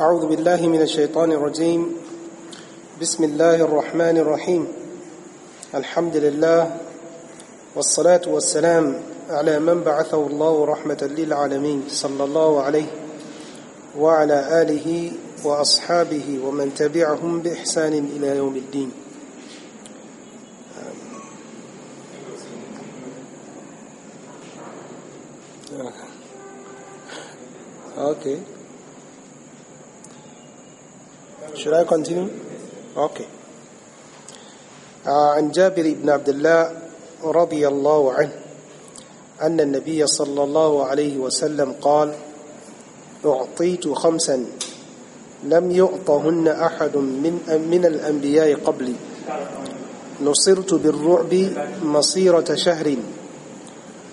أعوذ بالله من الشيطان الرجيم بسم الله الرحمن الرحيم الحمد لله والصلاة والسلام على من بعثه الله رحمة للعالمين صلى الله عليه وعلى آله وأصحابه ومن تبعهم بإحسان إلى يوم الدين Okay. آه. آه، Should I continue? Okay. عن جابر بن عبد الله رضي الله عنه أن النبي صلى الله عليه وسلم قال أعطيت خمسا لم يعطهن أحد من, من الأنبياء قبلي نصرت بالرعب مصيرة شهر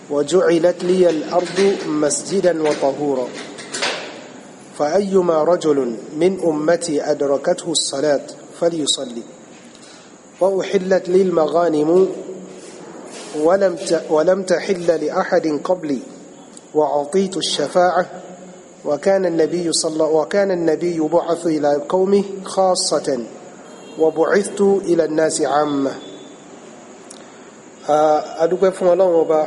وجعلت لي الأرض مسجدا وطهورا فأيما رجل من أمتي أدركته الصلاة فليصلي وأحلت لي المغانم ولم ولم تحل لأحد قبلي وعطيت الشفاعة وكان النبي صلى وكان النبي بعث إلى قومه خاصة وبعثت إلى الناس عامة adúpẹ́ fún ọlọ́run ọba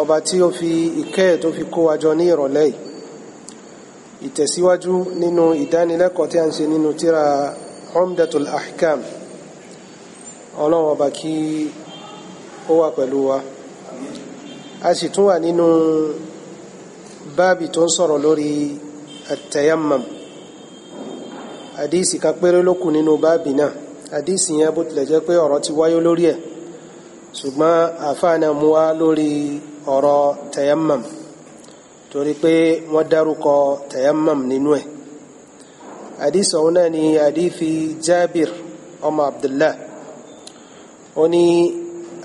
ọba tí ó fi ìkẹ́ tó fi ìtẹ̀síwájú nínú ìdánilẹ́kọ̀ọ́ tí a ń ṣe nínú tíra Umdatul Ahkam ọlọ́run ọba kí ó wà pẹ̀lú wa a sì tún wà nínú báàbì tó ń sọ̀rọ̀ lórí at-tayammum àdíìsì kan péré ló kù nínú báàbì náà àdíìsì yẹn bó tilẹ̀ jẹ́ pé ọ̀rọ̀ ti wáyé lórí ẹ̀ ṣùgbọ́n àfáànà mú lórí ọ̀rọ̀ tayammum torí pé wọ́n dárúkọ tayammum nínú ẹ̀ àdìsí ọ̀hún náà ni àdìfi Jabir ọmọ Abdullah ó ní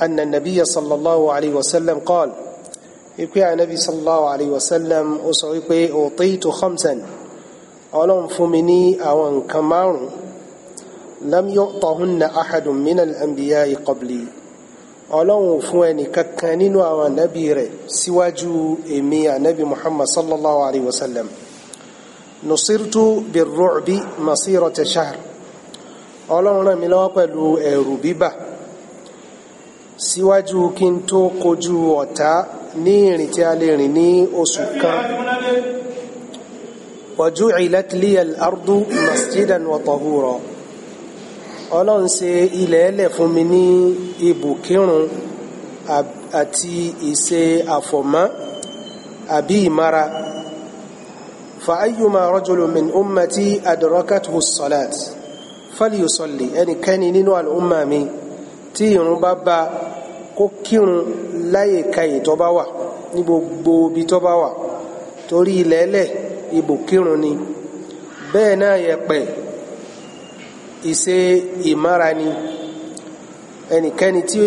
anna nabiya sallallahu alayhi wa sallam qal wípé anabi sallallahu alayhi wa sallam ó sọ wípé utitu khamsan ọlọ́run fún mi ní àwọn nǹkan márùn-ún lam yu'tahunna ahadun minal anbiya'i qabli ọlọ́run fún ẹnì kankan nínú àwọn ànábì rẹ̀ síwájú èmi ànábì muhammad sallallahu alayhi wa sallam nusirtu birru'bi masirata shahr ọlọ́run ràn mí lọ́wọ́ pẹ̀lú ẹ̀rù bíbà síwájú kí n tó kojú ọ̀tá ní ìrìn tí a lè rìn ní oṣù kan wa ju'ilat ardu masjidan wa tahura ọlọ́run ṣe ilẹ̀ ẹlẹ̀ fún mi ní ibùkírun àti ìṣe àfọ̀mọ́ àbí ìmara fàáyùmá rajulun min ummati adrakathu salat falyusalli ẹnikẹ́ni nínú al'umma mi tí ìrun bá bá kó kírun láyè kayè tó bá wà ní gbogbo ibi tó bá wà torí ilẹ̀ ẹlẹ̀ ibùkírun ni bẹ́ẹ̀ náà yẹpẹ̀ ìṣe ìmára ni ẹnikẹ́ni tí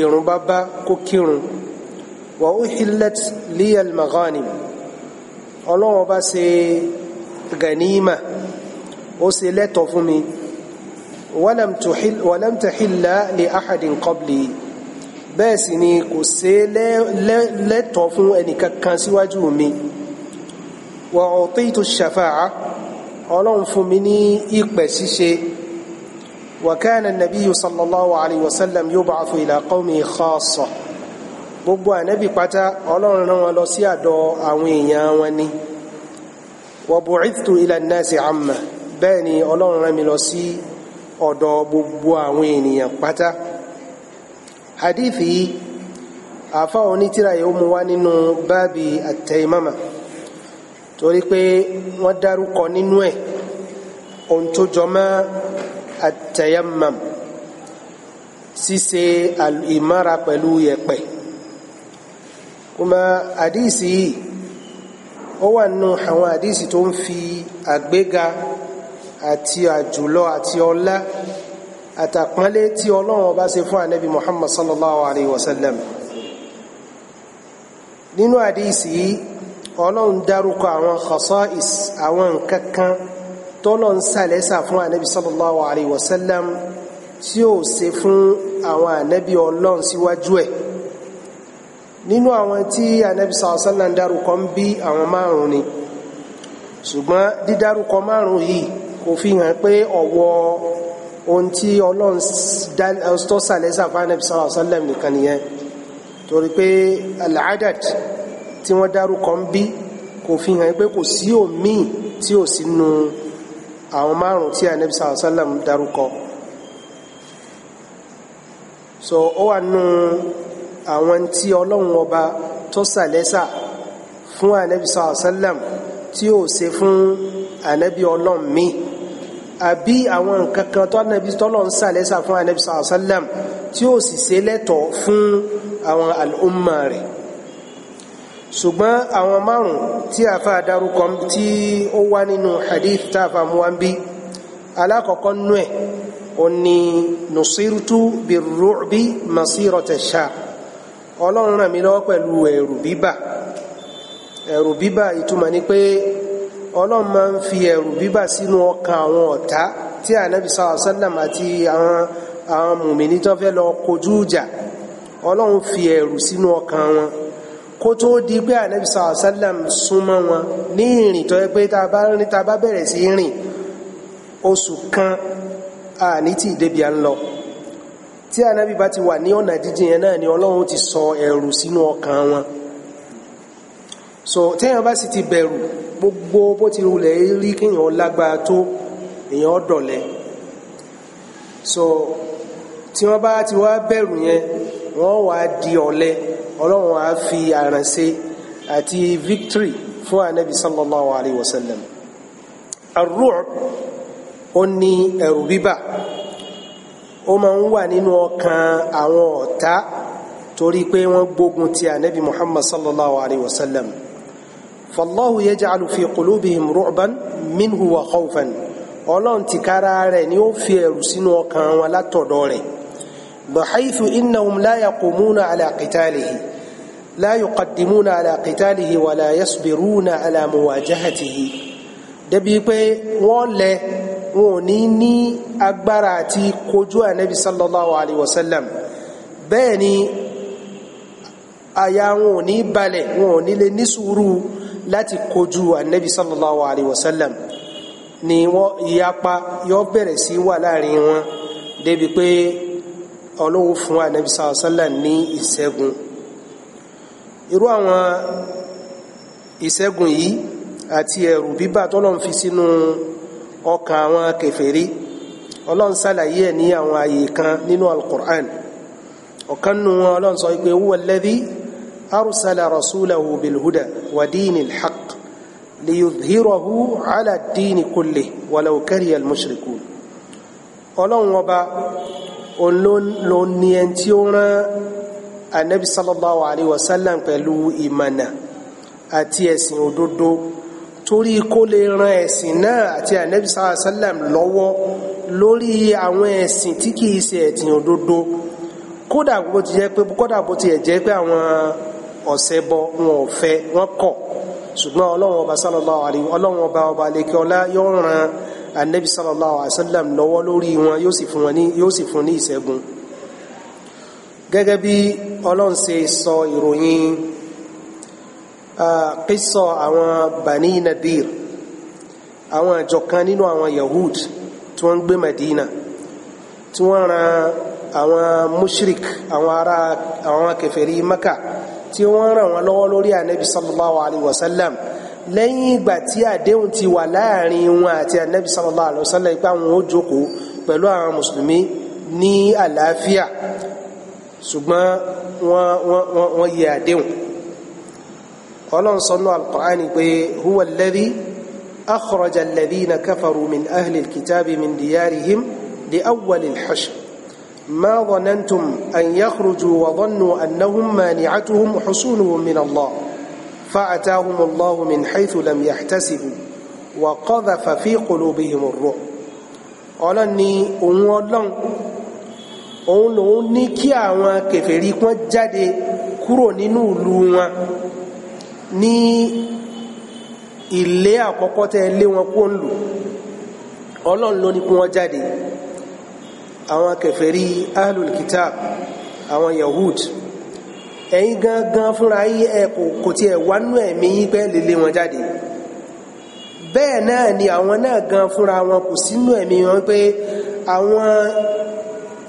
ìrun bá bá kó kírun wa uhillat liyal maghanim ọlọ́wọ́n bá ṣe ganima ó ṣe lẹ́tọ̀ fún mi walam tuhil walam tahilla li ahadin qabli bẹ́ẹ̀ sì ni kò ṣe lẹ́tọ̀ fún ẹnìkankan síwájú mi wa utitu shafa'a ọlọ́run fún mi ní ìpẹ̀ ṣíṣe وكان النبي صلى الله عليه وسلم يبعث إلى قومه خاصة gbogbo ànábì pátá ọlọ́run rán wọn lọ sí àdọ̀ àwọn èèyàn wọn ni وبعثت إلى الناس عامة bẹ́ẹ̀ ni ọlọ́run rán mi lọ sí ọ̀dọ̀ gbogbo àwọn ènìyàn pátá hadithi àfáwọn onítìrà yóò mú wá nínú báàbí àtẹ̀yìmọ́mà torí pé wọ́n dárúkọ nínú ẹ̀ ohun tó jọmọ́ àtẹ̀yẹ́mọ̀m ṣíṣe ìmára pẹ̀lú yẹ̀pẹ̀ kuma àdíìsì yìí ó wà nù àwọn àdíìsì tó ń fi àgbéga àti àjùlọ àti ọlá àtàpọ́nlé tí ọlọ́run ọba ṣe fún ànábì muhammad sallallahu alayhi wa sallam nínú àdíìsì yìí ọlọ́run dárúkọ àwọn khasa'is àwọn nǹkan kan tọ́lọ́ ń sàlẹ́sà fún ànábì sallallahu alayhi wa sallam tí ó ṣe fún àwọn ànábì ọlọ́run síwájú ẹ̀ nínú àwọn tí ànábì sallallahu alayhi wa sallam dárúkọ ń bí àwọn márùn ni ṣùgbọ́n dídárúkọ márùn yìí kò fi hàn pé ọ̀wọ́ ohun tí ọlọ́run tó sàlẹ́sà fún ànábì sallallahu tí wọ́n dárúkọ ń bí kò fi hàn pé kò sí òmíì tí ò sí àwọn márùn tí anabi sàlọ sàlám dárúkọ so ó wà nu àwọn tí ọlọ́run ọba tó sàlẹ́sà fún anabi sàlọ sàlám tí ò ṣe fún anabi ọlọ́run mi àbí àwọn nǹkan kan tó anabi tọ́lọ̀ ń sàlẹ́sà fún anabi sàlọ sàlám tí ò sì ṣe lẹ́tọ̀ọ́ fún àwọn al'umma rẹ̀ ṣùgbọ́n àwọn márùn tí a fà dárúkọ tí ó wá nínú hadith tá a fà mú wá ń bí alákọ̀ọ́kọ́ nú ẹ̀ ó ní nusirtu birru'bi masirata sha ọlọ́run ràn mí lọ́wọ́ pẹ̀lú ẹ̀rù bíbà ẹ̀rù bíbà ìtumọ̀ ni pé ọlọ́run máa ń fi ẹ̀rù bíbà sínú ọkàn àwọn ọ̀tá tí ànábì sallallahu àti àwọn àwọn mùmíní tó fẹ́ lọ kojú ìjà ọlọ́run fi ẹ̀rù sínú ọkàn wọn kó tó di pé ànábì sallallahu alaihi wasallam súnmọ́ wọn ní ìrìn tó yẹ pé tá a bá bẹ̀rẹ̀ sí rìn oṣù kan àní tí ìdébìá ń lọ tí ànábì bá ti wà ní ọ̀nà jíjìn yẹn náà ni ọlọ́run ti sọ ẹ̀rù sínú ọkàn wọn so téèyàn bá sì ti bẹ̀rù gbogbo bó ti rulẹ̀ rí kéèyàn lágbára tó èèyàn dọ̀lẹ́ so tí wọ́n bá ti wá bẹ̀rù yẹn wọ́n wá di ọ̀lẹ ọlọ́run á fi àrànṣe àti victory fún anabi sallallahu alayhi wa sallam ar-ru'b ó ní ẹ̀rù bíbà ó máa ń wà nínú ọkàn àwọn ọ̀tá torí pé wọ́n gbógun ti anabi muhammad sallallahu alayhi wa sallam fallahu yaj'alu fi qulubihim ru'ban minhu wa khawfan ọlọ́run ti kára rẹ̀ ni ó fi ẹ̀rù sínú ọkàn wọn látọ̀dọ̀ rẹ̀ bàhàìfù innahum la yaqumuna ala qitalihi لا يقدمون على قتاله ولا يصبرون على مواجهته débi pé wọ́n lẹ wọn ò ní ní agbára àti kojú ànábi sallallahu alayhi wa sallam bẹ́ẹ̀ ni àyà wọn ò ní balẹ̀ wọn ò ní lè ní sùúrù láti kojú ànábi sallallahu alayhi wa sallam ni wọ́n ìyapa yóò bẹ̀rẹ̀ sí wà láàrin wọn débi pé ọlọ́wọ́ fún ànábi sallallahu alayhi wa sallam ní ìṣẹ́gun irú àwọn ìṣẹ́gun yìí àti ẹ̀rù bíbà tọ́lọ́n fi sínú ọkàn àwọn kèfèrí ọlọ́n sàlàyé ẹ̀ ní àwọn àyè kan nínú al-Qur'an ọ̀kan nù wọn ọlọ́n sọ pé huwa alladhi arsala rasulahu bilhuda wa dinil haqq liyudhhirahu ala ad-dini kullihi walau kariha al-mushrikun ọlọ́n ọba òun ló ní ẹni tí ó rán anabi sallallahu alayhi wa sallam pẹ̀lú ìmànà àti ẹ̀sìn òdodo torí kó lè ran ẹ̀sìn náà àti anabi sallallahu alayhi wa sallam lọ́wọ́ lórí àwọn ẹ̀sìn tí kìí ṣe ẹ̀sìn òdodo kódà bó ti jẹ́ pé kódà bó ti jẹ́ pé àwọn ọ̀ṣẹbọ wọn ò fẹ́ wọn kọ̀ ṣùgbọ́n ọlọ́run ọba sallallahu alayhi ọlọ́run ọba ọba lẹ́kẹ́ ọlá yóò ran anabi sallallahu alayhi wa sallam lọ́wọ́ lórí wọn yóò sì fún ní ìṣẹ́gun gẹ́gẹ́ bí ọlọ́run ṣe sọ ìròyìn pẹ́sọ àwọn bani nadir àwọn àjọ kan nínú àwọn yahud tí wọ́n ń gbé madina tí wọ́n ran àwọn mushrik àwọn ará àwọn kèfèrí maka tí wọ́n ràn wọ́n lọ́wọ́ lórí ànábi sallallahu alaihi wasallam lẹ́yìn ìgbà tí àdéhùn ti wà láàrin wọn àti ànábi sallallahu alaihi wasallam ipá wọn ó jókòó pẹ̀lú àwọn mùsùlùmí ní àlàáfíà ṣùgbọ́n wọ́n wọ́n wọ́n yẹ àdéhùn ọlọ́run sọ náà alkùránì pé huwa alladhi akhraja alladhina kafaru min ahli alkitabi min diyarihim li awwal alhashr ma dhanantum an yakhruju wa dhannu annahum mani'atuhum husunuhum min allah فأتاهم الله من حيث لم يحتسبوا وقذف في قلوبهم الرعب ọlọ́ni òun ọlọ́run òun lòun ní kí àwọn kèfèrí kan jáde kúrò nínú ìlú wọn ní ilé àkọ́kọ́ tẹ́ lé wọn kó ń lò ọlọ́run ló ní kí wọ́n jáde àwọn kèfèrí ahlul kitab àwọn yahud ẹ̀yin gangan fúnra yí ẹ kò tiẹ̀ wánú ẹ̀mí yí pé lè lé wọn jáde bẹ́ẹ̀ náà ni àwọn náà gan fúnra wọn kò sínú ẹ̀mí wọn pé àwọn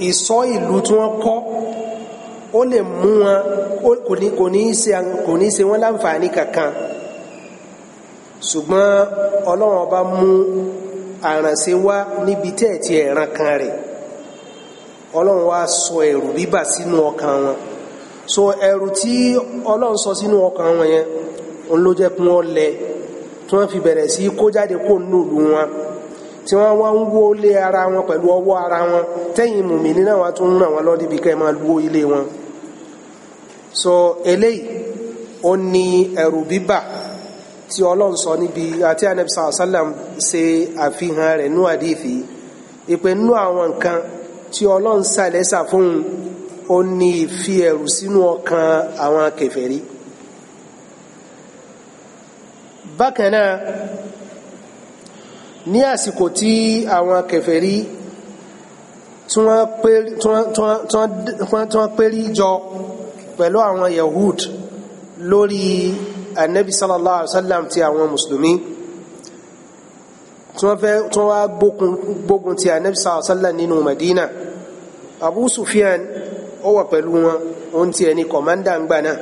ìsọ ìlú tí wọ́n kọ́ ó lè mú wọn kò ní í ṣe wọn láǹfààní kankan ṣùgbọ́n ọlọ́run ọba mú àrànṣe wá níbi tí ẹ̀ ti ẹ̀ràn kan rẹ̀ ọlọ́run wá sọ ẹ̀rù bíbà sínú ọkàn wọn so ẹ̀rù tí ọlọ́run sọ sínú ọkàn wọn yẹn òun ló jẹ́ kí wọ́n lẹ tí wọ́n fi bẹ̀rẹ̀ sí kó jáde kó nínú wọn tí wọ́n wá ń wó lé ara wọn pẹ̀lú ọwọ́ ara wọn tẹ́yìn mùmínì náà wá tún ń ràn wọ́n lọ́dí bí kẹ́ máa wó ilé wọn so eléyìí ó ní ẹ̀rù bíbà tí ọlọ́run sọ níbi àti anabi sàlá sàlám ṣe àfihàn rẹ̀ nú àdìfì ìpè nú àwọn nǹkan tí ọlọ́run ṣàlẹ́sà fún ó ní ìfi ẹ̀rù sínú ọkàn àwọn kèfèrí bákan náà ní àsìkò tí àwọn kèfèrí tí wọ́n pérí jọ pẹ̀lú àwọn yahud lórí anabi sallallahu alaihi wasallam ti àwọn mùsùlùmí tí wọ́n fẹ́ tí wọ́n wá gbógun ti anabi sallallahu alaihi wasallam nínú madina abu sufyan ó wà pẹ̀lú wọn òun ti ẹni kọ̀mándà ń gbà náà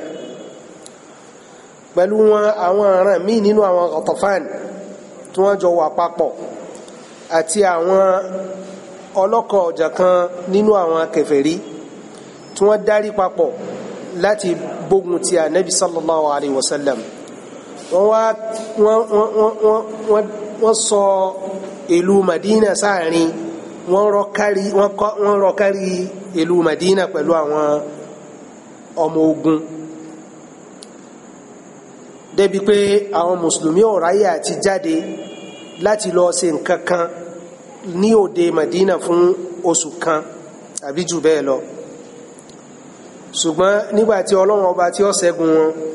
pẹ̀lú wọn àwọn aràn míì nínú àwọn ọ̀tọ̀fáàn tí wọ́n jọ wà papọ̀ àti àwọn ọlọ́kọ̀ ọ̀jà kan nínú àwọn kèfèrí tí wọ́n dárí papọ̀ láti gbógun ti ànábì sallallahu alayhi wa sallam wọ́n wá wọ́n sọ ìlú Madina sáàrin wọ́n rọ kárí wọ́n rọ kárí ìlú Madina pẹ̀lú àwọn ọmọ ogun débi pé àwọn mùsùlùmí ò ráyè àti jáde láti lọ ṣe nǹkan ní òde Madina fún oṣù kan àbí jù bẹ́ẹ̀ lọ ṣùgbọ́n nígbà tí ọlọ́run ọba tí ó ṣẹ́gun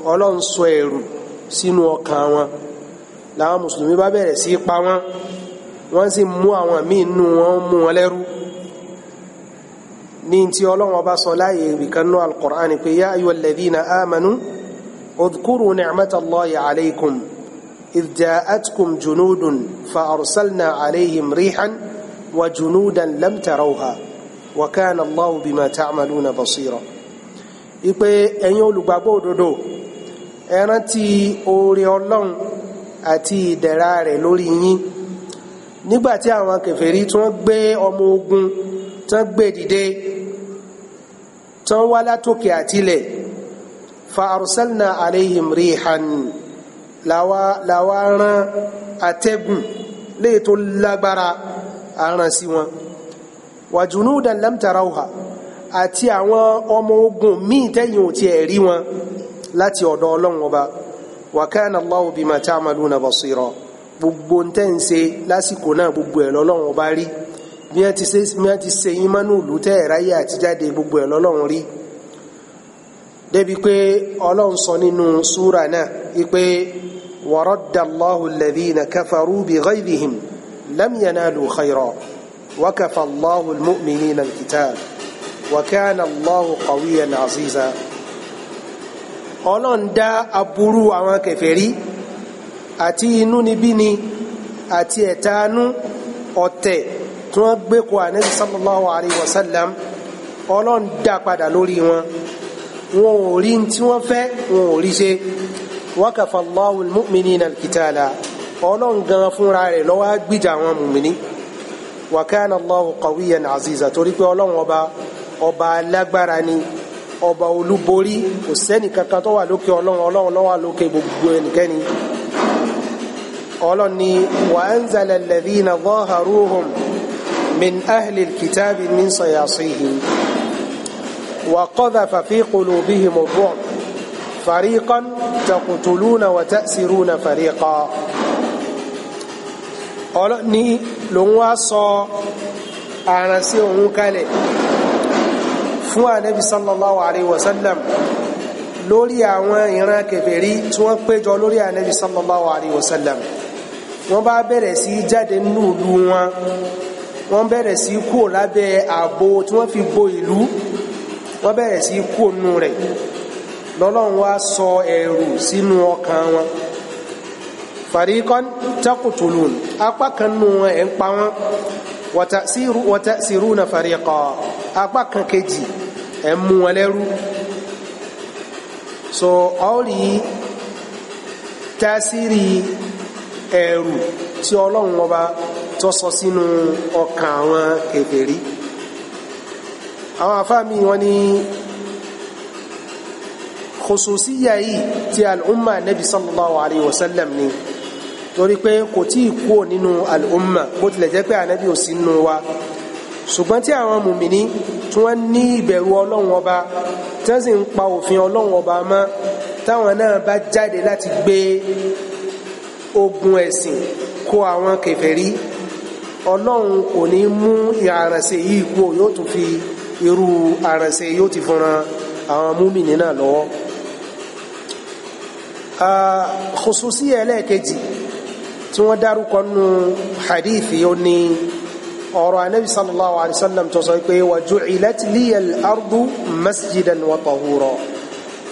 wọn ọlọ́run sọ ẹ̀rù sínú ọkàn wọn làwọn mùsùlùmí bá bẹ̀rẹ̀ sí pa wọ́n wọ́n sì mú àwọn míì nù wọ́n mú wọn lẹ́rú ní tí ọlọ́run ọba sọ láàyè ibìkan náà al-Qur'an pé yá ayyuhalladhina amanu اذكروا نعمة الله عليكم إذ جاءتكم جنود فأرسلنا عليهم ريحا وجنودا لم تروها وكان الله بما تعملون بصيرا ipe ẹ̀yin olùgbàgbọ́ òdodo ẹ rántí oore Ọlọ́run àti ìdẹ̀ra rẹ̀ lórí yín nígbàtí àwọn kèfèrí tí wọ́n gbé ọmọ ogun tí gbé dìde tí wá látòkè àtilẹ̀ fa arsalna alayhim rihan làwa rán atẹ́gùn léè tó lágbára àràn sí wọn wa junudan lam tarawha àti àwọn ọmọ ogun míì tẹ́yìn ò tiẹ̀ rí wọn láti ọ̀dọ̀ ọlọ́run ọba wa kana Allahu bima ta'maluna basira gbogbo ń tẹ́ lásìkò náà gbogbo ẹ̀ ọba rí bí wọ́n ti ṣe yín mọ́nú ìlú tẹ́ ẹ̀ráyé àtijáde gbogbo ẹ̀ rí débi pé ọlọ́run sọ nínú súra náà wípé waradda Allahu alladhina kafaru bighayzihim lam yanalu khayra wa kafa Allahu almu'minina alkitab wa kana Allahu qawiyyan aziza ọlọ́run dá aburú àwọn kèfèrí àti inúnibíni àti ẹ̀tanú ọ̀tẹ̀ tí wọ́n gbé kọ́ ànẹ́sì sallallahu alayhi wa ọlọ́run dá padà lórí wọn wọn ò rí tí wọ́n fẹ́ wọn ò rí ṣe wakafa Allahu al-mu'minina al-qitala ọlọ́run gan fúnra rẹ̀ ló wá gbìjà àwọn mùmíní wa kana Allahu qawiyyan aziza torí pé ọlọ́run ọba ọba alágbára ni ọba olúborí kò sẹ́ni kankan tó wà lókè ọlọ́run ọlọ́run ló lókè gbogbo ẹnikẹ́ni ọlọ́run ni wa anzala alladhina dhaharuhum min ahli al-kitabi min sayasihim. وقذف في قلوبهم الرعب فريقا تقتلون وتأسرون فريقا ọlọ́ni lòun wá sọ àrùn sí òun kalẹ̀ fún ànábi sallallahu alayhi wa sallam lórí àwọn ìran kèfèrí tí wọ́n péjọ lórí ànábi sallallahu alayhi wa sallam wọ́n bá bẹ̀rẹ̀ sí jáde nínú ìlú wọn wọ́n bẹ̀rẹ̀ sí kúrò lábẹ́ ààbò tí wọ́n fi bo ìlú wọ́n bẹ̀rẹ̀ sí kú ònú rẹ̀ lọ́lọ́run wá sọ ẹ̀rù sínú ọkàn wọn fàríkọ́n taqtulun apá kan nù ẹ̀ ń pa wọn wa ta'siruna fariqa apá kan kejì ẹ̀ ń mú wọn lẹ́rú so ọ̀rí tásírì ẹ̀rù tí ọlọ́run ọba tó sọ sínú ọkàn àwọn kèfèrí àwọn afáàmì wọn ni kòsòsíyà yìí ti al'umma nabi sallallahu alayhi wa sallam ni torí pé kò tí ì kúrò nínú al'umma bó tilẹ̀ jẹ́ pé ànábì ò sí nínú wa ṣùgbọ́n tí àwọn mùmíní tí wọ́n ní ìbẹ̀rù ọlọ́run ọba tí wọ́n sì ń pa òfin ọlọ́run ọba mọ́ táwọn náà bá jáde láti gbé ogun ẹ̀sìn kó àwọn kèfèrí ọlọ́run kò ní mú ìhàrànṣe yìí kú yóò tún fi irú àrànṣẹ́ yóò ti fọ́nrán àwọn múmìnì náà lọ́wọ́ khususi ẹlẹ́ẹ̀kejì tí wọ́n dárúkọ nù hadithi ó ní ọ̀rọ̀ anabi sallallahu alayhi wa sallam tó sọ pé wa ju'ilat liyal ardu masjidan wa tahura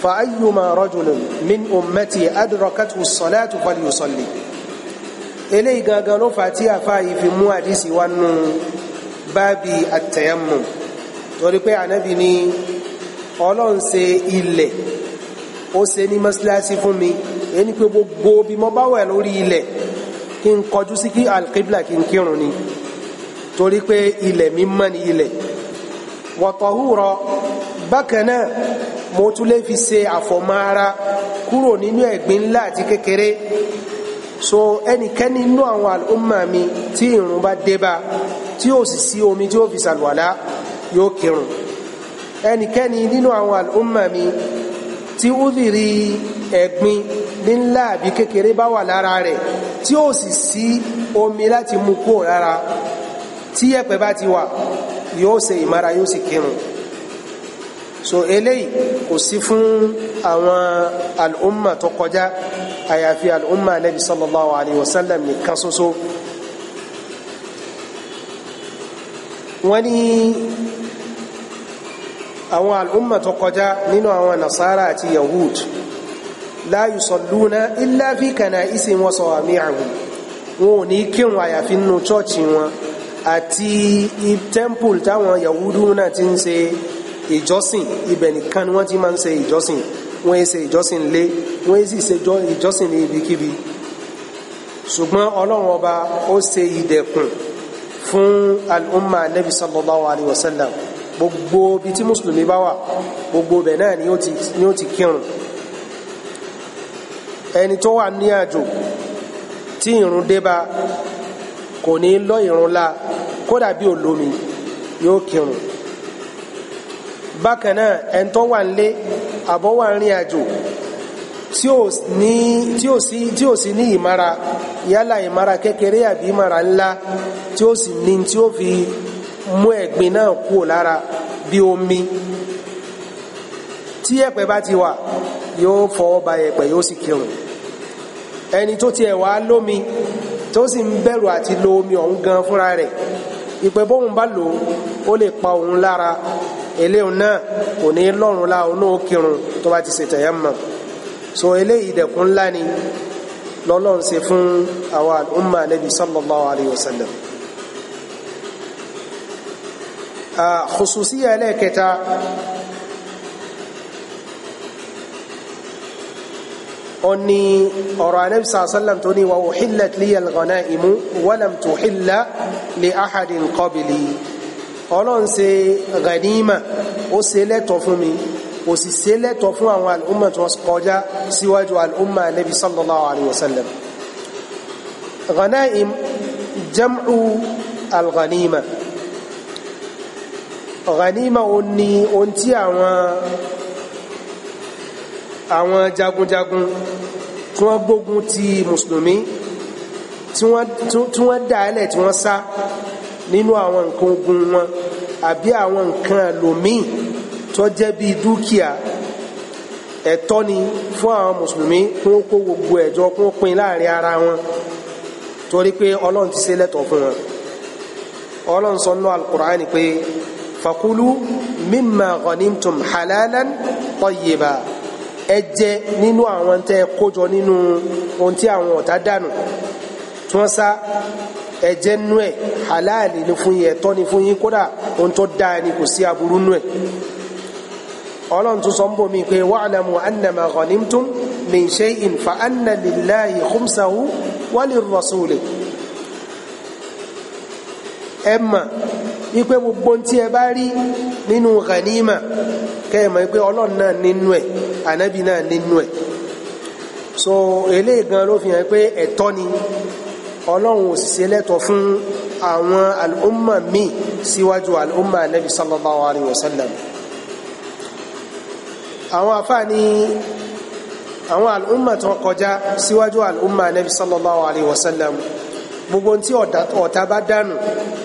fa ayyuma rajulun min ummati adrakatu salatu falyusalli eléyìí gangan ló fà tí àfáà yìí fi mú àdìsí wa nù báàbí at torí pé ànábì ni ọlọ́run ṣe ilẹ̀ ó ṣe ní mọ́síláṣí fún mi èyí ni pé gbogbo bí mo bá wẹ̀ lórí ilẹ̀ kí n kọjú sí kí alqibla kí n kírun ni torí pé ilẹ̀ mi mọ́ ni ilẹ̀ wọ̀tọ̀húrọ̀ bákan náà mo tún lè fi ṣe àfọ̀mọ́ ara kúrò nínú ẹ̀gbin ńlá àti kékeré so ẹnikẹ́ni inú àwọn àlùmọ̀ mi tí ìrun bá dé bá tí ó sì sí omi tí ó fi ṣàlùwàlá yóò kírun ẹnikẹ́ni nínú àwọn àlùmà mi tí udiri ẹ̀gbin nílá àbí kékeré bá wà lára rẹ̀ tí ó sì sí omi láti mú kúrò lára tí yẹ̀pẹ̀ bá ti wà yóò ṣe ìmára yóò sì kírun so eléyìí kò sí fún àwọn al'umma tó kọjá àyàfi al'umma nabi sallallahu alaihi wasallam nìkan ṣoṣo wọ́n àwọn al'umma tó kọjá nínú àwọn nasara àti yahud la yusalluna illa fi kana'isihim wa sawami'ihim wọn ò ní kírun àyàfi nínú chọ́ọ̀chì wọn àti temple táwọn yahudu náà ti ń ṣe ìjọsìn ibẹ̀ nìkan wọ́n ti máa ń ṣe ìjọsìn wọ́n ṣe ìjọsìn lé wọ́n sì ṣe ìjọsìn ní ibikíbi ṣùgbọ́n ọlọ́run ọba ó ṣe ìdẹ̀kùn fún al'umma nabi sallallahu alaihi wasallam. sallam gbogbo bí tí mùsùlùmí bá wà gbogbo bẹ̀ náà ni ó ti kírun ẹni tó wà ní àjò tí ìrun débá kò ní lọ ìrun la kódà bí olómi yóò kírun bákan náà ẹni tó wà nílé àbọ̀ wà ní àjò tí ò ní tí ò ní ìmara yálà ìmara kékeré àbí ìmara ńlá tí ó sì ní tí ó fi mú ẹ̀gbin náà kúrò lára bí omi tí ẹ̀pẹ̀ bá ti wà yóò fọwọ́ ba ẹ̀pẹ̀ yóò sì kírun ẹni tó tiẹ̀ wá lómi tó sì ń bẹ̀rù àti lo omi ọ̀hún gan fúnra rẹ̀ ìpẹ́ bóun bá lò ó lè pa òun lára eléhùn náà kò ní lọ́rùn la òun náà kírun tó bá ti ṣètẹ̀yẹ́ mọ̀ so eléyìí ìdẹ̀kùn ńlá ni lọ́lọ́run ṣe fún àwa al-umma nabi sallallahu alayhi wa khususiya ẹlẹ́ẹ̀kẹta ọni ọ̀rọ̀ anabi sàásàlám tó ní wa uhillat liya al-ghanaimu wa lam tuhilla li ahadin qabli ọlọ́run ṣe ghanima ó ṣe lẹ́tọ̀ fún mi kò sì ṣe lẹ́tọ̀ fún àwọn al'umma tó kọjá síwájú al'umma anabi sallallahu alayhi wa sallam ghanaim jam'u al-ghanima ghanima ó ní ohun tí àwọn àwọn jagunjagun tí wọ́n gbógun ti mùsùlùmí tí wọ́n dà á lẹ̀ tí wọ́n sá nínú àwọn nǹkan ogun wọn àbí àwọn nǹkan àlòmíì tó jẹ́ bí dúkìá ẹ̀tọ́ ni fún àwọn mùsùlùmí kún kó gbogbo ẹ̀jọ kún pín láàrin ara wọn torí pé ọlọ́run ti ṣe lẹ́tọ̀ọ́ fún wọn ọlọ́run sọ nínú alukur'ani pé fakulu mimma ghanimtum halalan tayyiba ẹ jẹ nínú àwọn tẹ́ kójọ nínú ohun tí àwọn ọ̀tá dànù tí wọ́n sá ẹ jẹ nú ẹ̀ halali ni fún yín ẹ̀tọ́ ni fún yín kódà ohun tó dáa ni kò sí aburú nú ẹ̀ ọlọ́run tún sọ ń bò mí pé wa'lamu annama ghanimtum min shay'in fa anna lillahi khumsahu wa lirrasuli ẹ mà wípé gbogbo tí ẹ bá rí nínú ghanima kẹ́ẹ̀mọ̀ wípé ọlọ́run náà nínú ẹ̀ ànábì náà nínú ẹ̀ so eléyìí gan ló fi hàn pé ẹ̀tọ́ ni ọlọ́run ò sì ṣe lẹ́tọ̀ fún àwọn al'umma míì síwájú al'umma ànábì sallallahu alayhi wa sallam àwọn àfáàní àwọn al'umma tó kọjá síwájú al'umma ànábì sallallahu alayhi wa sallam gbogbo tí ọ̀tá bá dànù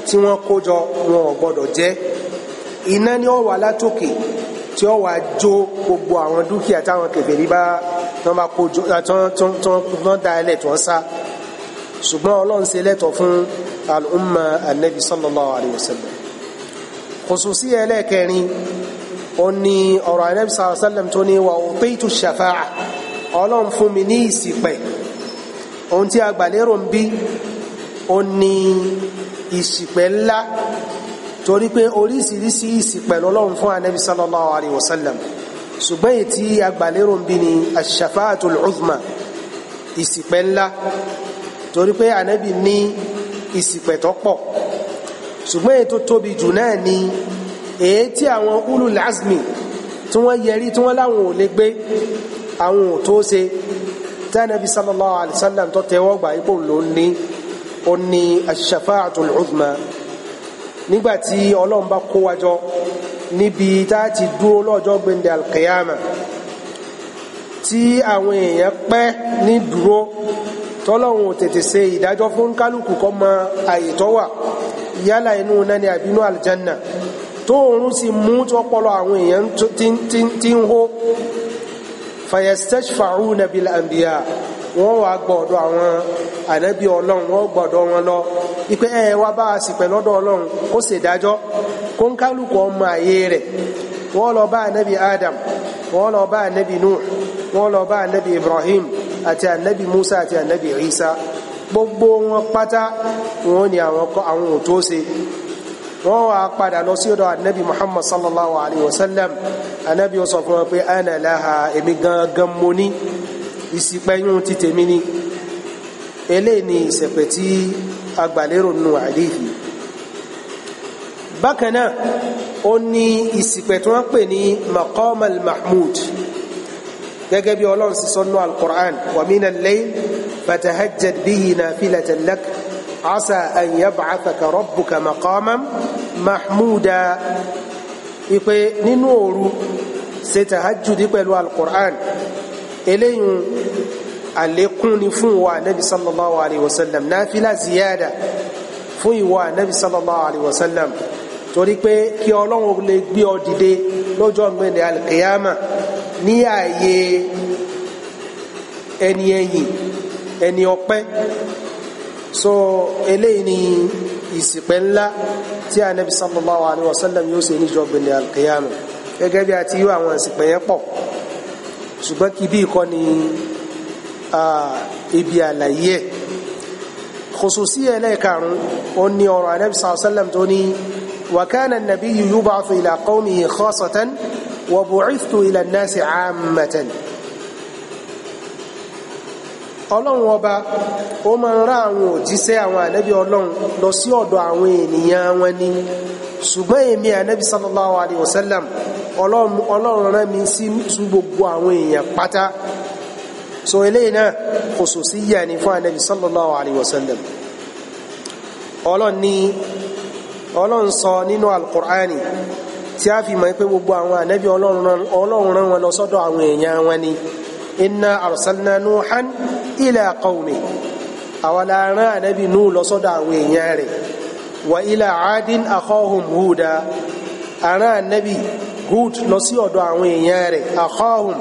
tí wọ́n kó jọ wọn ò gbọ́dọ̀ jẹ iná ni ó wà látòkè tí ó wà jó gbogbo àwọn dúkìá táwọn kèfèrí bá tán bá kó jọ tán da ẹlẹ̀ tí sá ṣùgbọ́n ọlọ́run ṣe lẹ́tọ̀ fún al'umma annabi sallallahu alaihi wasallam khususi ẹlẹ́kẹrin ó ní ọ̀rọ̀ annabi sallallahu alaihi wasallam tó ní wa utaitu shafa'a ọlọ́run fún mi ní ìsìpẹ̀ ohun tí a gbàlérò ń bí ó ní ìṣìpẹ̀ ńlá torí pé oríṣiríṣi ìṣìpẹ̀ lọ́lọ́run fún anabi sallallahu alayhi wa sallam ṣùgbọ́n èyí tí agbàlérò ń bí ni ash-shafa'atul uzma ìṣìpẹ̀ ńlá torí pé anabi ní ìṣìpẹ̀ tó pọ̀ ṣùgbọ́n èyí tó tóbi jù náà ni èyí tí àwọn ulul azmi tí wọ́n yẹrí tí wọ́n láwọn ò lè gbé àwọn ò tó ṣe tẹ́nàbí sallallahu alayhi wa tó tẹ́wọ́ gbà ipò lónìí ó ní ash-shafa'atul uzma nígbàtí ọlọ́run bá kó wa jọ níbi tá a ti dúró lọ́jọ́ gbẹ̀ndẹ̀ alkiyama tí àwọn èèyàn pẹ́ ní dúró tọ́lọ́run ò tètè ṣe ìdájọ́ fún kálukú kó mọ àyè tó wà yálà inú náà àbínú aljanna tó oorun sì mú tí àwọn èèyàn tí ń hó fayastashfa'una bil anbiya' wọ́n wá gbọ́dọ̀ àwọn ànábì ọlọ́run wọ́n gbọ́dọ̀ wọn lọ wípé ẹ wá bá a sì pẹ̀ lọ́dọ̀ ọlọ́run kó sì dájọ́ kó ń kálukú ọmọ àyè rẹ̀ wọ́n lọ bá ànábì Adam wọ́n lọ bá ànábì Nuh wọ́n lọ bá ànábì Ibrahim àti ànábì Musa àti ànábì Isa gbogbo wọn pátá wọn ni àwọn ò tó ṣe wọ́n wá padà lọ sí ọ̀dọ̀ anabi muhammad sallallahu alayhi wa sallam anabi ó fún wọn pé ana laha èmi gangan mo ní ìsìpẹ́yún ti tèmi ni eléyìí ni ìsẹ̀pẹ̀ tí agbàlérò nù àdéhì bákan náà ó ní ìsìpẹ̀ tí wọ́n pè ní maqam al-mahmud gẹ́gẹ́ bí ọlọ́run sì sọ nù al-Qur'an wa min al-layl fatahajjad bihi nafilatan lak asa an yab'athaka mahmuda ipe nínú òru ṣe tahajjudi pẹ̀lú al eléyìí àlékún ni fún wa nabi sallallahu alayhi wa sallam náfìlà ziyada fún ìwà nabi sallallahu alayhi wa sallam torí pé kí ọlọ́run lè gbé ọ dìde lọ́jọ́ gbẹ̀dẹ̀ alkiyama ní ààyè ẹni ẹ̀yìn ẹni ọpẹ́ so eléyìí ni ìsìpẹ́ ńlá tí anabi sallallahu alayhi wa sallam yóò ṣe níjọ́ gbẹ̀dẹ̀ alkiyama gẹ́gẹ́ bí a ti yọ àwọn ìsìpẹ́ yẹn pọ̀ ṣùgbọ́n kí bí kọ́ ni ibi àlàyé ẹ̀ khususi ẹlẹ́ẹ̀karùn ó ní ọ̀rọ̀ anabi sallam tó ní wa kana an-nabiyyu yub'athu ila qawmihi khassatan wa bu'ithtu ila an-nasi 'ammatan ọlọ́run ọba ó máa ń rá àwọn òjíṣẹ́ àwọn ànábì ọlọ́run lọ sí ọ̀dọ̀ àwọn ènìyàn wọn ni ṣùgbọ́n èmi ànábì sallallahu alayhi wa sallam ọlọ́run rán mi sí gbogbo àwọn èèyàn pátá so eléyìí náà khususiyya ni fún anabi sallallahu alayhi wa sallam ọlọ́run ní ọlọ́run sọ nínú alukur'ani tí a fi mọ̀ pé gbogbo àwọn anabi ọlọ́run rán wọn lọ sọ́dọ̀ àwọn èèyàn wọn ni inna arsalna nuhan ila qawmi àwọn hud lọ sí ọ̀dọ̀ àwọn èèyàn rẹ̀ akhahum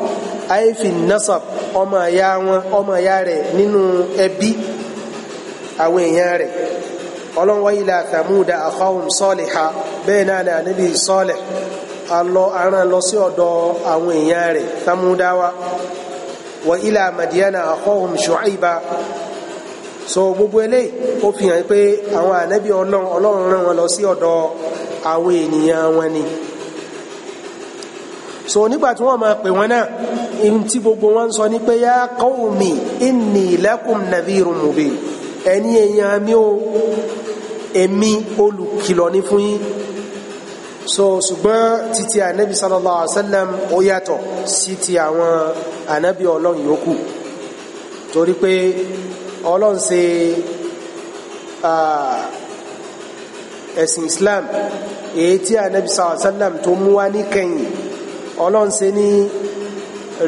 nasab ọmọ wọn ọmọ ìyá rẹ̀ nínú ẹbí àwọn èèyàn rẹ̀ ọlọ́run wá ila thamuda akhahum ha bẹ́ẹ̀ náà ni ànábì salih alọ aran lọ sí ọ̀dọ̀ àwọn èèyàn rẹ̀ wa ila madiana shu'aiba so gbogbo eléyìí ó fi hàn pé àwọn ọlọ́run ọlọ́run rán wọn lọ so nígbà tí wọ́n máa pè wọ́n náà ihun tí gbogbo wọn ń sọ ní pé yá qawmi inni lakum nadhirun mubin ẹni èèyàn mi ò èmi olùkìlọ̀ ní fún yín so ṣùgbọ́n títí ànábì sallallahu alaihi wasallam ó yàtọ̀ sí ti àwọn ànábì ọlọ́run yòókù torí pé ọlọ́run ṣe ẹ̀sìn islam èyí tí ànábì sallallahu alaihi wasallam tó mú wá ní ọlọ́run ṣe ní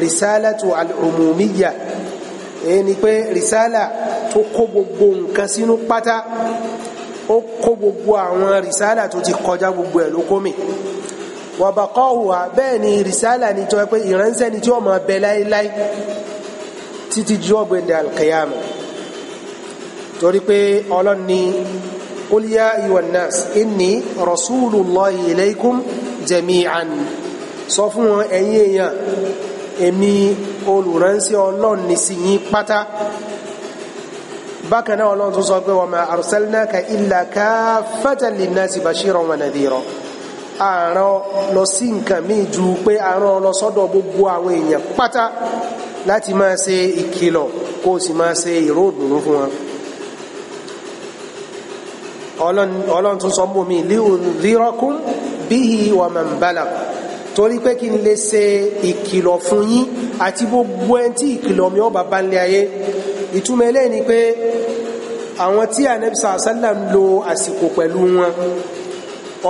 risalatu al-umumiyya èyí ni pé risala tó kó gbogbo nǹkan sínú pátá ó kó gbogbo àwọn risala tó ti kọjá gbogbo ẹ̀ ló kó mi wa baqa'uha bẹ́ẹ̀ ni risala ni tó pé ìránṣẹ́ ni tí ó máa bẹ láéláé títí ju ọ̀gbẹ̀dẹ̀ al torí pé ọlọ́run ni qul ya inni rasulullahi ilaykum jami'an sọ fún wọn ẹ̀yin èèyàn èmi olùránṣẹ́ ọlọ́run ní sí yín pátá bákan náà ọlọ́run tún sọ pé wa ma arsalnaka illa kaffatan linnasi bashiran wa nadhira àrán lọ sí nǹkan míì ju pé àrán lọ sọ́dọ̀ gbogbo àwọn èèyàn pátá láti máa ṣe ìkìlọ̀ kó sì máa ṣe ìró ìdùnnú fún wọn ọlọ́run tún sọ mú mi liundhirakum bihi wa man balag torí pé kí n lè ṣe ìkìlọ̀ fún yín àti gbogbo ẹni tí ìkìlọ̀ mi ọba bá lé ayé ìtumọ̀ eléyìí ni pé àwọn tí anabisa asalam lo àsìkò pẹ̀lú wọn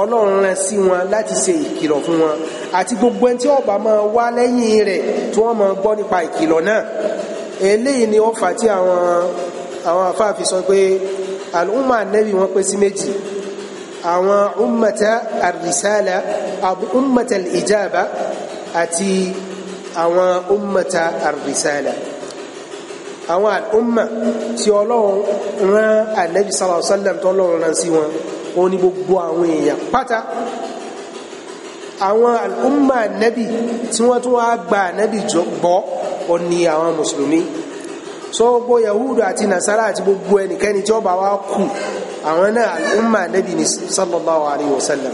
ọlọ́run rán sí wọn láti ṣe ìkìlọ̀ fún wọn àti gbogbo ẹni tí ọba máa wá lẹ́yìn rẹ̀ tí wọ́n máa gbọ́ nípa ìkìlọ̀ náà eléyìí ni ó fà tí àwọn àwọn afáàfin sọ pé àlùmọ́ ànẹ́bí wọn pé sí méjì àwọn ummata ar-risala ummata al-ijaba àti àwọn ummata ar-risala àwọn àlùmà tí ọlọ́run rán ànábì sallallahu alaihi wasallam tó ọlọ́run rán sí wọn ó ní gbogbo àwọn èèyàn pátá àwọn àlùmà ànábì tí wọ́n tún wá gba ànábì gbọ́ ó ní àwọn mùsùlùmí so gbogbo yahudu àti nasara àti gbogbo ẹnikẹ́ni tí ó bá wá kù àwọn náà umma anabi ni sallallahu alayhi wa sallam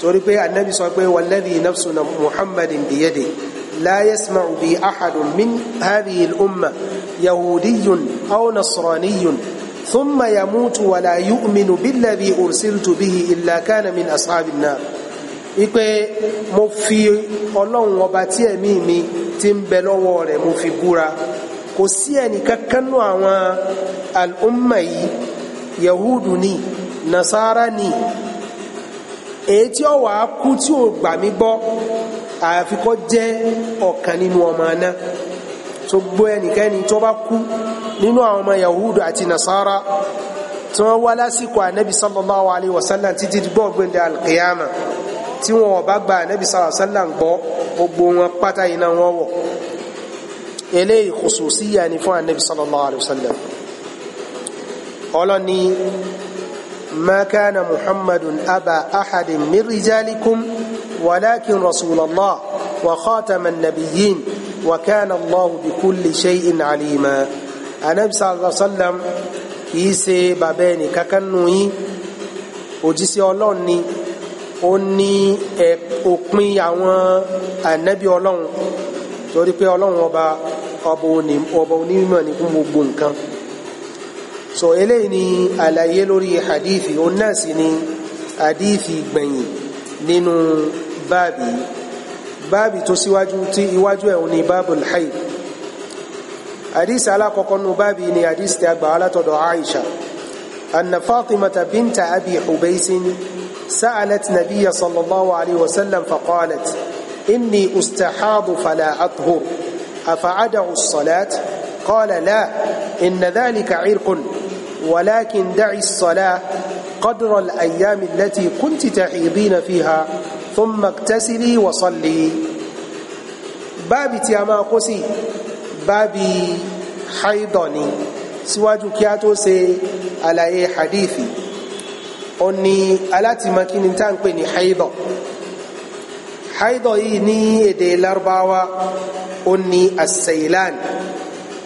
torí pé anabi sọ pé walladhi nafsu na muhammadin biyade la yasma'u bi ahadun min hadhihi al-umma yahudiyun aw nasraniyun ثم يموت ولا يؤمن بالذي أرسلت به إلا كان من أصحاب النار ipe mo fi ọlọ́run ọba tí ẹ̀mí mi ti ń bẹ lọ́wọ́ rẹ̀ mo fi búra kò sí ẹnì kankan àwọn al'umma yìí yahudu ni nasara ni èyí tí ó wàá kú tí ò gbà mí gbọ́ àyàfi kó jẹ́ ọ̀kan nínú ọmọ náà tó gbọ́ ẹnikẹ́ni tó bá kú nínú àwọn ọmọ yahudu àti nasara tí wọ́n wá lásìkò ànábì sallallahu alaihi wasallam títí gbọ́ gbẹ̀ndẹ̀ alqiyama tí wọn ò bá gba ànábì sallallahu alaihi wasallam gbọ́ ọlọ́ni ma kana muhammadun aba ahadin min rijalikum walakin rasulallah wa khataman nabiyyin wa kana allahu bi kulli shay'in alima anabi sallallahu alaihi wa sallam kìí ṣe bàbá ẹni kankan nù yín òjíṣẹ́ ọlọ́run ni ó ní òpin àwọn ànábì ọlọ́run torí pé ọlọ́run ọba ọba onímọ̀ ní gbogbo nǹkan so eléyìí ni àlàyé lórí hadithi òun náà sì ni hadithi gbẹ̀yìn nínú báàbì báàbì tó síwájú tí iwájú ẹ̀ òun ni báàbùl haid hadith alákọ̀ọ́kọ́ nu báàbì ni hadith tí a gbà látọ̀dọ̀ Aisha anna Fatimata binta abi hubaisin sa'alat nabiyya sallallahu alaihi wasallam faqalat inni ustahadu fala athur afa'adahu as-salat قال لا إن ذلك عرق ولكن دعي الصلاة قدر الأيام التي كنت تحيضين فيها ثم اغتسلي وصلي باب تياما قسي باب حيضني síwájú kí a tó ṣe àlàyé hadithi ó ní alátìmọ́kíni tá ń pè ní haidọ̀ haidọ̀ yìí ní èdè Lárúbáwá ó ní asailan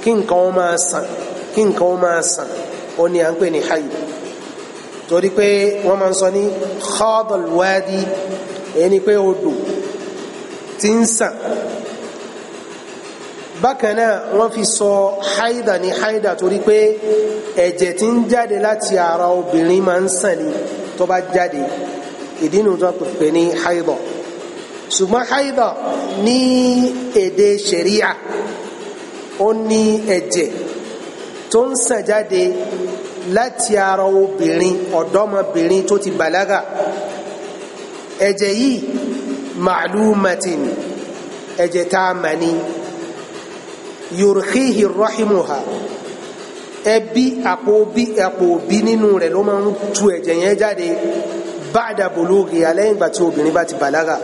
kí nǹkan ó máa sàn kí nǹkan ó máa sàn ó ní à ń pè ní hayi torí pé wọ́n máa ń sọ ní khadal wadi èyí ni pé odò ti ń sàn bákan náà wọ́n fi sọ haida ní haida torí pé ẹ̀jẹ̀ tí ń jáde láti ara obìnrin máa ń sàn ni tó bá jáde ìdí tó pè ní haida ṣùgbọ́n haida ní èdè ṣẹ̀ríà ó ní ẹ̀jẹ̀ tó ń sàn jáde láti ara obìnrin ọ̀dọ́mọbìnrin tó ti bàlágà ẹ̀jẹ̀ yìí ma'lumatin ẹ̀jẹ̀ tá a mà ní yorùkíhì rahimuha ẹbí àpò òbí àpò òbí nínú rẹ̀ ló máa ń tu ẹ̀jẹ̀ yẹn jáde báàdà bòlóògì alẹ́yìn tí obìnrin bá ti bàlágà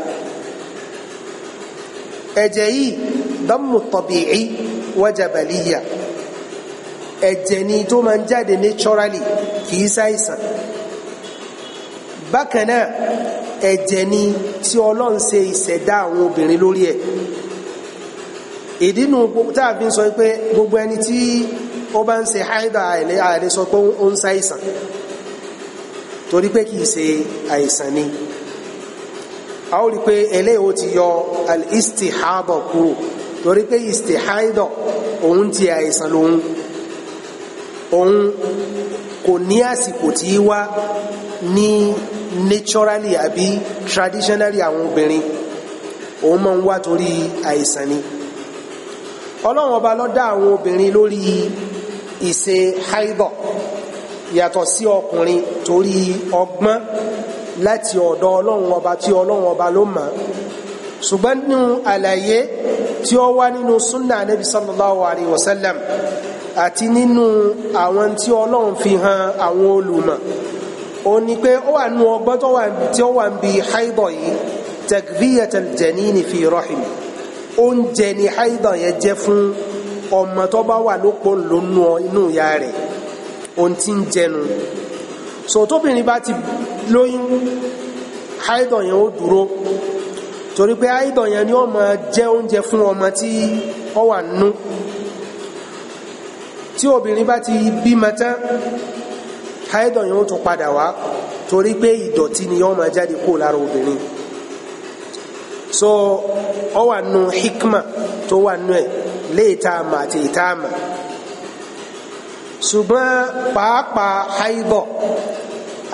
ẹ̀jẹ̀ yìí dọ́mù tọ̀bìí wájà ẹ̀jẹ̀ ni tó máa ń jáde naturally kìí ṣàìsàn bákan náà ẹ̀jẹ̀ ni tí Ọlọ́run ṣe ìṣẹ̀dá àwọn obìnrin lórí ẹ̀ ìdínú tá a fi ń sọ pé gbogbo ẹni tí ó bá ń ṣe haida àìlè sọ pé ó ń ṣàìsàn torí pé kìí ṣe àìsàn ni a ó rí pé eléyìí ó ti yọ al-istihada kúrò torí pé istihada òun ti àìsàn lòun òun kò ní àsìkò tí wá ní naturally àbí traditionally àwọn obìnrin òun máa ń wá torí àìsàn ni ọlọ́run ọba ló dá àwọn obìnrin lórí ìṣe haidọ̀ yàtọ̀ sí ọkùnrin torí ọgbọ́n láti ọ̀dọ̀ ọlọ́run ọba tí ọlọ́run ọba ló mọ̀ ṣùgbọ́n nínú àlàyé tí ó wá nínú súnà Ànábì sallallahu alayhi wa àti nínú àwọn tí ọlọ́run fi hàn àwọn olùmọ̀ ó ní pé ó wà nínú ọgbọ́n tí ó wà ń bi haidọ̀ yìí takviyatal janini fi rahim oúnjẹ ni haidọ̀ yẹn jẹ́ fún ọmọ tó bá wà lópò lónú inú ìyá rẹ̀ ohun tí ń jẹnu so tóbìnrin bá ti lóyún haidọ̀ yẹn ó dúró torí pé haidọ̀ yẹn ni ó máa jẹ oúnjẹ fún ọmọ tí ó wà nínú tí obìnrin bá ti bímọ tán haidọ̀ yóò tún padà wá torí pé ìdọ̀tí ni yóò máa jáde kó lára obìnrin so ọ wà nù hikma tó wà nù ẹ léètà àmà àti ìta àmà ṣùgbọ́n pàápàá haidọ̀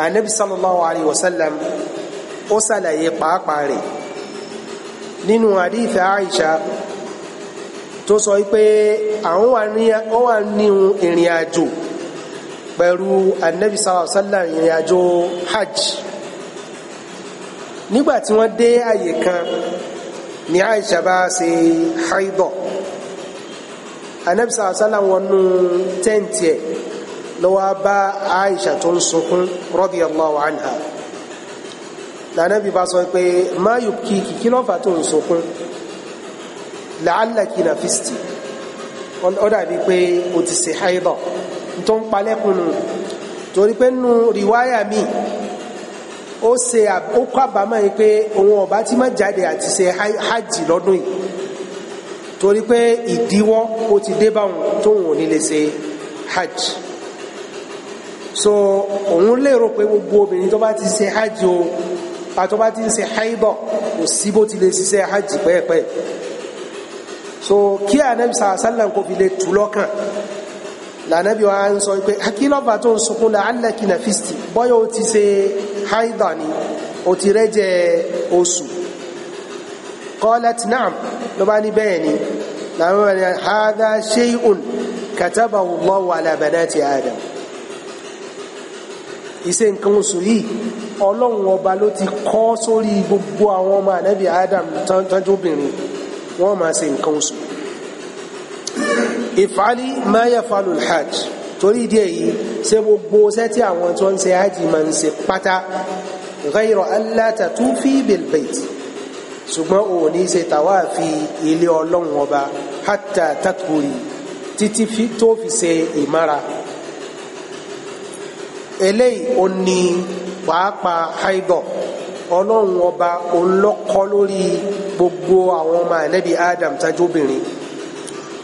anabi sallallahu alayhi wa sallam ó ṣàlàyé pàápàá rẹ̀ nínú àdìfẹ́ Aisha tó sọ pé àwọn wà ní ìrìn àjò pẹ̀lú anabi sàlá ìrìn àjò hajj nígbà tí wọ́n dé àyè kan ní Aisha bá ṣe haidọ̀ anabi wọnú tẹ́ǹtì ẹ̀ lọ́wọ́ bá Aisha tó ń sunkún radiyallahu anha lànàbí bá sọ pé má yubkiki kí ló fà tó ń sunkún làálàkì nà fìsìtì ó dàbí pé o ti ṣe haidọ̀ tó ń palẹ́kùn nù torí pé nù rìwáyà mi ó ṣe ó kọ́ àbámọ́ yìí pé òun ọ̀bá tí má jáde àti ṣe hajj lọ́dún yìí torí pé ìdíwọ́ ó ti dé báwọn tóun ò ní lè ṣe hajj so òun lérò pé gbogbo obìnrin tó bá ti ṣe hajj o àtọ́ ti ń ṣe kò sí ti lè ṣiṣẹ́ hajj pẹ́ẹ́pẹ́ẹ́ so kí ànábì sàásálà kò fi lè tù lọ́kàn lànàbí wa ń sọ pé akílọ́bà tó ń sunkún la aláki na fisti bọ́yọ̀ ó ti ṣe haida ni ó ti rẹ́jẹ oṣù qalat na'am ló bá ní bẹ́ẹ̀ ni làwọn ọmọ ni hadha shay'un katabahu Allahu ala ọlọ́run ọba ló ti kọ sórí gbogbo àwọn ọmọ ànábì Adam tọ́jú obìnrin wọ́n máa ṣe nǹkan oṣù ìfàlì máa yẹ falù hajj torí ìdí èyí ṣe gbogbo ṣẹ́ tí àwọn tó ń ṣe hajj máa ń ṣe pátá ghayra alla tatufi bil bayt ṣùgbọ́n ò ní ṣe tàwáàfi ilé ọlọ́run ọba hatta taturi títí tó fi ṣe ìmára eléyìí ó ní pàápàá haidọ̀ ọlọ́run ọba òun lórí gbogbo àwọn ọmọ ànábì Adam tajóbìnrin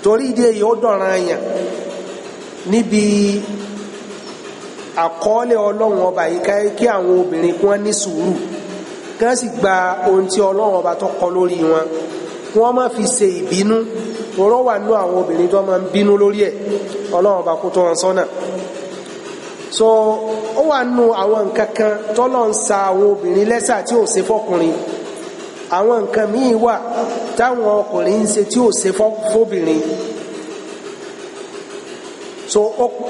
torí ìdí èyí ó dọ̀ràn àyàn níbi àkọọ́lẹ̀ ọlọ́run ọba yìí ká kí àwọn obìnrin kí wọ́n ní sùúrù kí wọ́n sì gba ohun tí ọlọ́run ọba tó kọ lórí wọn kí wọ́n má fi ṣe ìbínú tòrọ́ wà nú àwọn obìnrin tó máa ń bínú lórí ẹ̀ ọlọ́run ọba kó tó wọn sọ́nà so ó wà nú àwọn nǹkan kan tọ́lọ́ ń sa àwọn obìnrin lẹ́sà tí ò ṣe fọ́kùnrin àwọn nǹkan míì wà táwọn ọkùnrin ń ṣe tí ò ṣe fóbìnrin so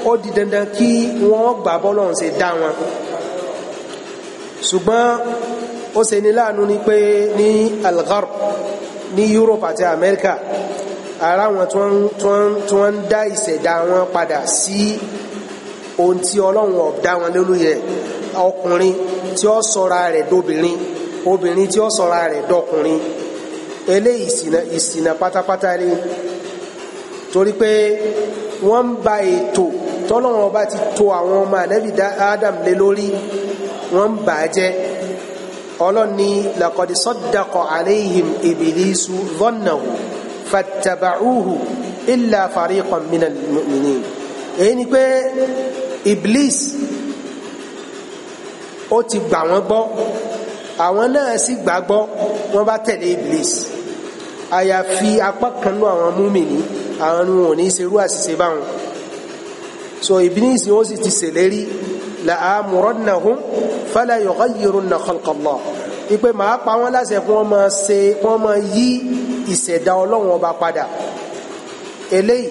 ó di dandan kí wọ́n gbà bọ́lọ́run ṣe dá wọn ṣùgbọ́n ó ṣe ní láàánú ni pé ní algar ní Europe àti America ara wọn tí wọ́n ń dá ìṣẹ̀dá wọn padà sí ohun tí Ọlọ́run ọ̀dá wọn lórí rẹ̀ ọkùnrin tí ó sọra rẹ̀ dóbìnrin obìnrin tí ó sọra rẹ̀ dọkùnrin eléyìí ìsìnà ìsìnà pátápátá ni torí pé wọ́n ń ba ètò tọ́lọ́run ọba ti tò àwọn ọmọ ànábì Adam lé lórí wọ́n ń bà á jẹ́ ọlọ́ni laqad saddaqa alayhim ibilisu dhannahu fattaba'uhu illa fariqan minal mu'minin èyí ni pé iblis ó ti gbà wọ́n gbọ́ àwọn náà sì gbàgbọ́ wọ́n bá tẹ̀lé iblis àyàfi apá kan nú àwọn múmìnì àwọn ni wọn ò ní ṣerú àṣìṣe báwọn so iblis ni ó sì ti ṣèlérí la'amurannahum fala yughayyirunna khalqallah ipe màá pa wọ́n láṣẹ kí wọ́n máa ṣe kí máa yí ìṣẹ̀dá ọlọ́run ọba padà eléyìí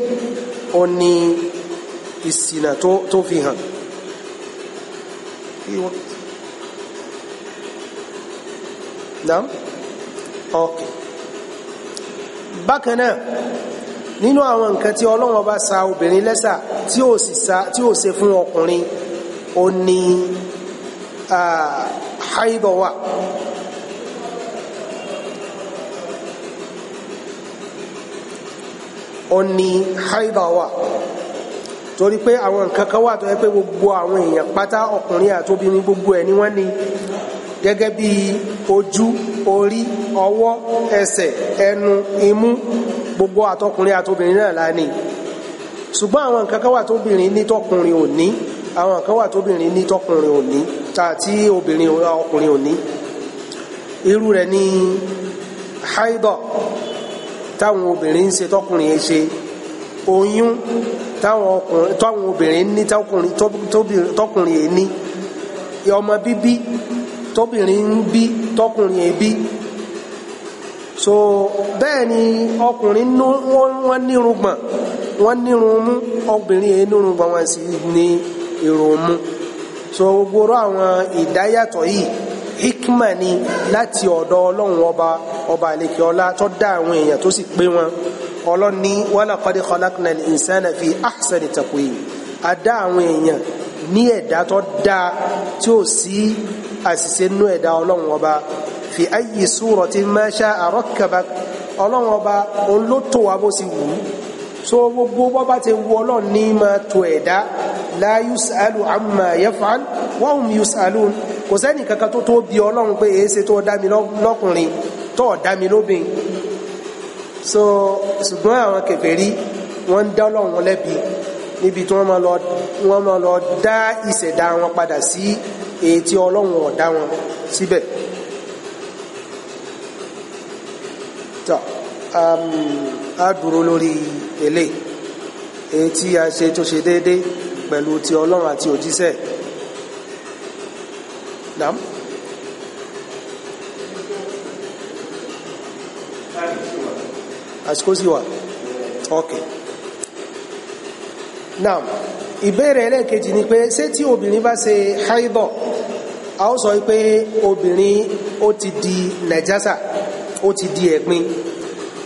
ó ní ìsìnà tó fi hàn naam ok bákan náà nínú àwọn nǹkan tí Ọlọ́run ọba sa obìnrin lẹ́sà tí ó sì sa tí ó ṣe fún ọkùnrin ó ní haibọ̀ wà ó ní haibọ̀ wà torí pé àwọn nǹkan kan wà tó yẹ pé gbogbo àwọn èèyàn pátá ọkùnrin àtobìnrin gbogbo ẹ̀ ni wọ́n ní gẹ́gẹ́ bí ojú orí ọwọ́ ẹsẹ̀ ẹnu imú gbogbo àtọkùnrin àtobìnrin náà la ní ṣùgbọ́n àwọn nǹkan kan wà tóbìnrin ní tọkùnrin ò ní àwọn nǹkan wà tóbìnrin ní tọkùnrin ò ní tààtí obìnrin ọkùnrin ò ní irú rẹ̀ ní haidọ̀ táwọn obìnrin ń ṣe tọkùnrin ṣe oyún táwọn obìnrin ní tọkùnrin ní ọmọ bíbí tóbìnrin ń bí tọkùnrin ẹbí so bẹ́ẹ̀ ni ọkùnrin wọ́n nírùngbọ̀n wọ́n nírun mú obìnrin yẹn nírùngbọ̀n wọn sì ní irun mú so gbogbo àwọn ìdáyàtọ̀ yìí hikma ni láti ọ̀dọ̀ ọlọ́run ọba ọba àlekè ọlá tó dá àwọn èèyàn tó sì pé wọn ọlọ́run ní walaqad khalaqnal insana fi ahsani taqwim a dá àwọn èèyàn ní ẹ̀dá tó dáa tí ó sí àṣìṣe nú ẹ̀dá ọlọ́run ọba fi ayyi surati ma sha'a rakkabak ọlọ́run ọba òun ló tó wa bó ti wù ú so gbogbo bọ́bá ti wù ọlọ́run ní máa tó ẹ̀dá la yus'alu amma yaf'al wa kò sẹ́ni kankan tó tó bi ọlọ́run pé èéṣe tó dá lọ́kùnrin tó dá mi so ṣùgbọ́n àwọn kèfèrí wọ́n dá ọlọ́run lẹ́bi níbi tí wọ́n máa lọ dá ìṣẹ̀dá wọn padà sí. Si, èyí tí ọlọ́run ọ̀dá wọn síbẹ̀ tó um, a dúró lórí èlé èyí tí a ṣe tó ṣe déédé pẹ̀lú ti ọlọ́run àti òjíṣẹ́ dàm. àsìkò sí wa ok now. ìbéèrè ẹlẹ́ẹ̀kejì ni pé ṣé tí obìnrin bá ṣe haidọ̀ a ó sọ pé obìnrin ó ti di nàjásà ó ti di ẹ̀gbin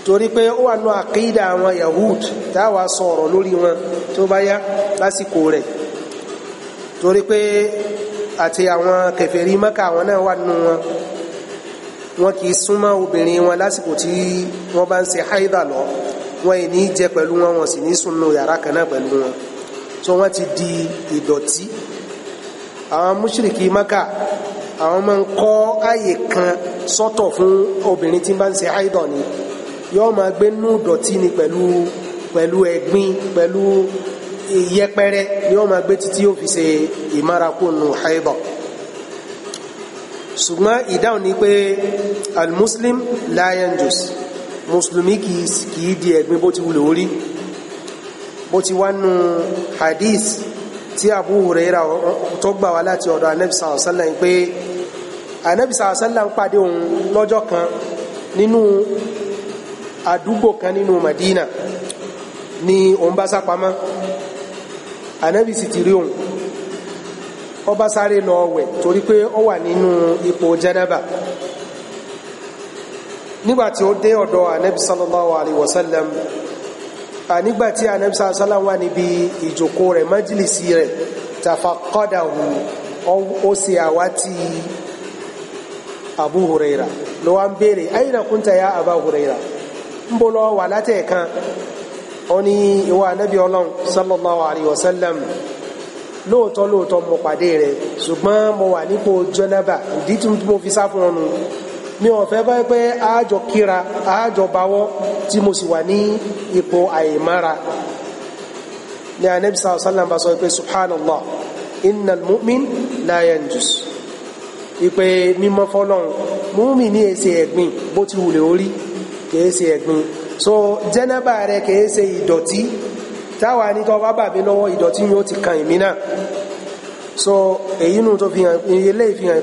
torí pé ó wà nù àkídà àwọn yahud táwa sọ̀rọ̀ lórí wọn tó bá yá lásìkò rẹ̀ torí pé àti àwọn kèfèrí Mẹ́kà àwọn náà wà nù wọn wọn kì í súnmọ́ obìnrin wọn lásìkò tí wọ́n bá ń ṣe haidọ̀ lọ wọn ì ní jẹ pẹ̀lú wọn wọn sì ní so wọ́n ti di ìdọ̀tí àwọn mùṣírìkì maka àwọn máa ń kọ́ àyè kan sọ́tọ̀ fún obìnrin tí bá ń ṣe àìdọ̀ ni yóò máa gbé nú ìdọ̀tí ni pẹ̀lú pẹ̀lú ẹ̀gbin pẹ̀lú ìyẹpẹrẹ ni wọ́n máa gbé títí yóò fi ṣe ìmárakúnnù àìdọ̀ ṣùgbọ́n ìdáhùn ni pé almuslim la yanjus mùsùlùmí kìí di ẹ̀gbin bó ti wulẹ̀ orí bó ti wá nu hadith tí Abu Huraira tó gbà wá láti ọ̀dọ̀ anabi sàlọ̀ sàlẹ̀ pé anabi sàlọ̀ sàlẹ̀ ń pàdé òun lọ́jọ́ kan nínú àdúgbò kan nínú Madina ni òun bá sápamọ́ anabi sì ti rí òun ó sáré lọ wẹ̀ torí pé ó wà nínú ipò jẹ́nẹ́bà nígbàtí ó dé ọ̀dọ̀ anabi sallallahu alayhi wa A nigbati sallallahu alaihi wasallam wà níbi ìjòkó rẹ̀ májìlìsì rẹ̀ tafaqadahu ó ṣe àwátì abu huraira ló wá ń béèrè aina kunta ya abu huraira ń bọ́ lọ wà látẹ̀ẹ̀kan ó ní ìwà anabi ọlọ́run sallallahu alaihi wasallam mi ò fẹ́ báyìí pé àájọ kíra àájọ báwọ́ tí mo sì wà ní ipò àìmára ní anabi sàlọ sàlám bá sọ pé subhanallah innal mu'min la yanjus ipe mímọ́ fọ́lọ́run múmi ní èsì ẹ̀gbin bó ti wùlẹ̀ orí kìí ṣe so jẹ́nàbà rẹ kìí ṣe ìdọ̀tí táwa ní tọ́ bá bàbí lọ́wọ́ ìdọ̀tí yóò ti kan ìmí náà so èyí nù tó fi hàn ilé ìfihàn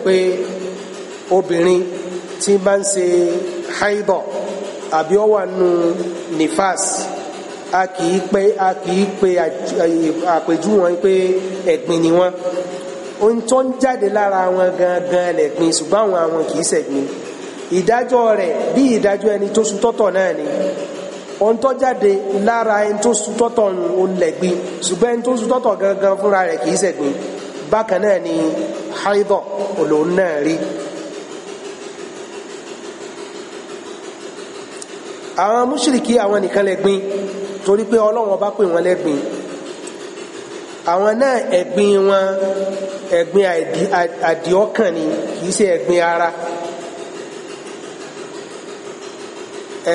obìnrin tí bá ń ṣe haibọ̀ àbí ó wà nù nifas a kìí pé a kìí pé àpèjú wọn pé ẹ̀gbin ni wọn ohun tó ń jáde lára wọn gangan lẹ̀gbin ṣùgbọ́n àwọn àwọn kìí ṣẹ̀gbin ìdájọ́ rẹ̀ bí ìdájọ́ ẹni tó sutọ́tọ̀ náà ni ohun tó jáde lára ẹni tó sutọ́tọ̀ ń lẹ̀gbin ṣùgbọ́n ẹni tó sutọ́tọ̀ gangan fúnra rẹ̀ kìí ṣẹ̀gbin bákan náà ni haibọ̀ òlòun náà rí. àwọn múṣìríkì àwọn nìkan lẹ́gbin torí pé ọlọ́run ọba pè wọ́n lẹ́gbin àwọn náà ẹ̀gbin wọn ẹ̀gbin àdìọ́kàn ni kì í ṣe ẹ̀gbin ara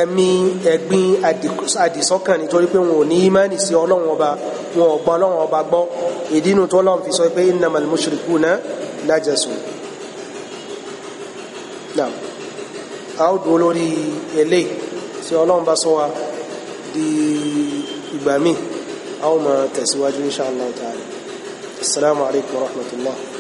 ẹ̀mí ẹ̀gbin àdìsọ́kàn ni torí pé wọn ò ní ìmánì sí ọlọ́run ọba wọn ò gbọ́ ọlọ́run ọba gbọ́ ìdínú tó lọ́run fi sọ pé innamal mushrikuna najasun náà a ó dúró lórí eléyìí tí ọlọ́run bá sọ wa di ìgbà míì a ó máa tẹ̀síwájú insha Allah ta'ala assalamu alaikum warahmatullah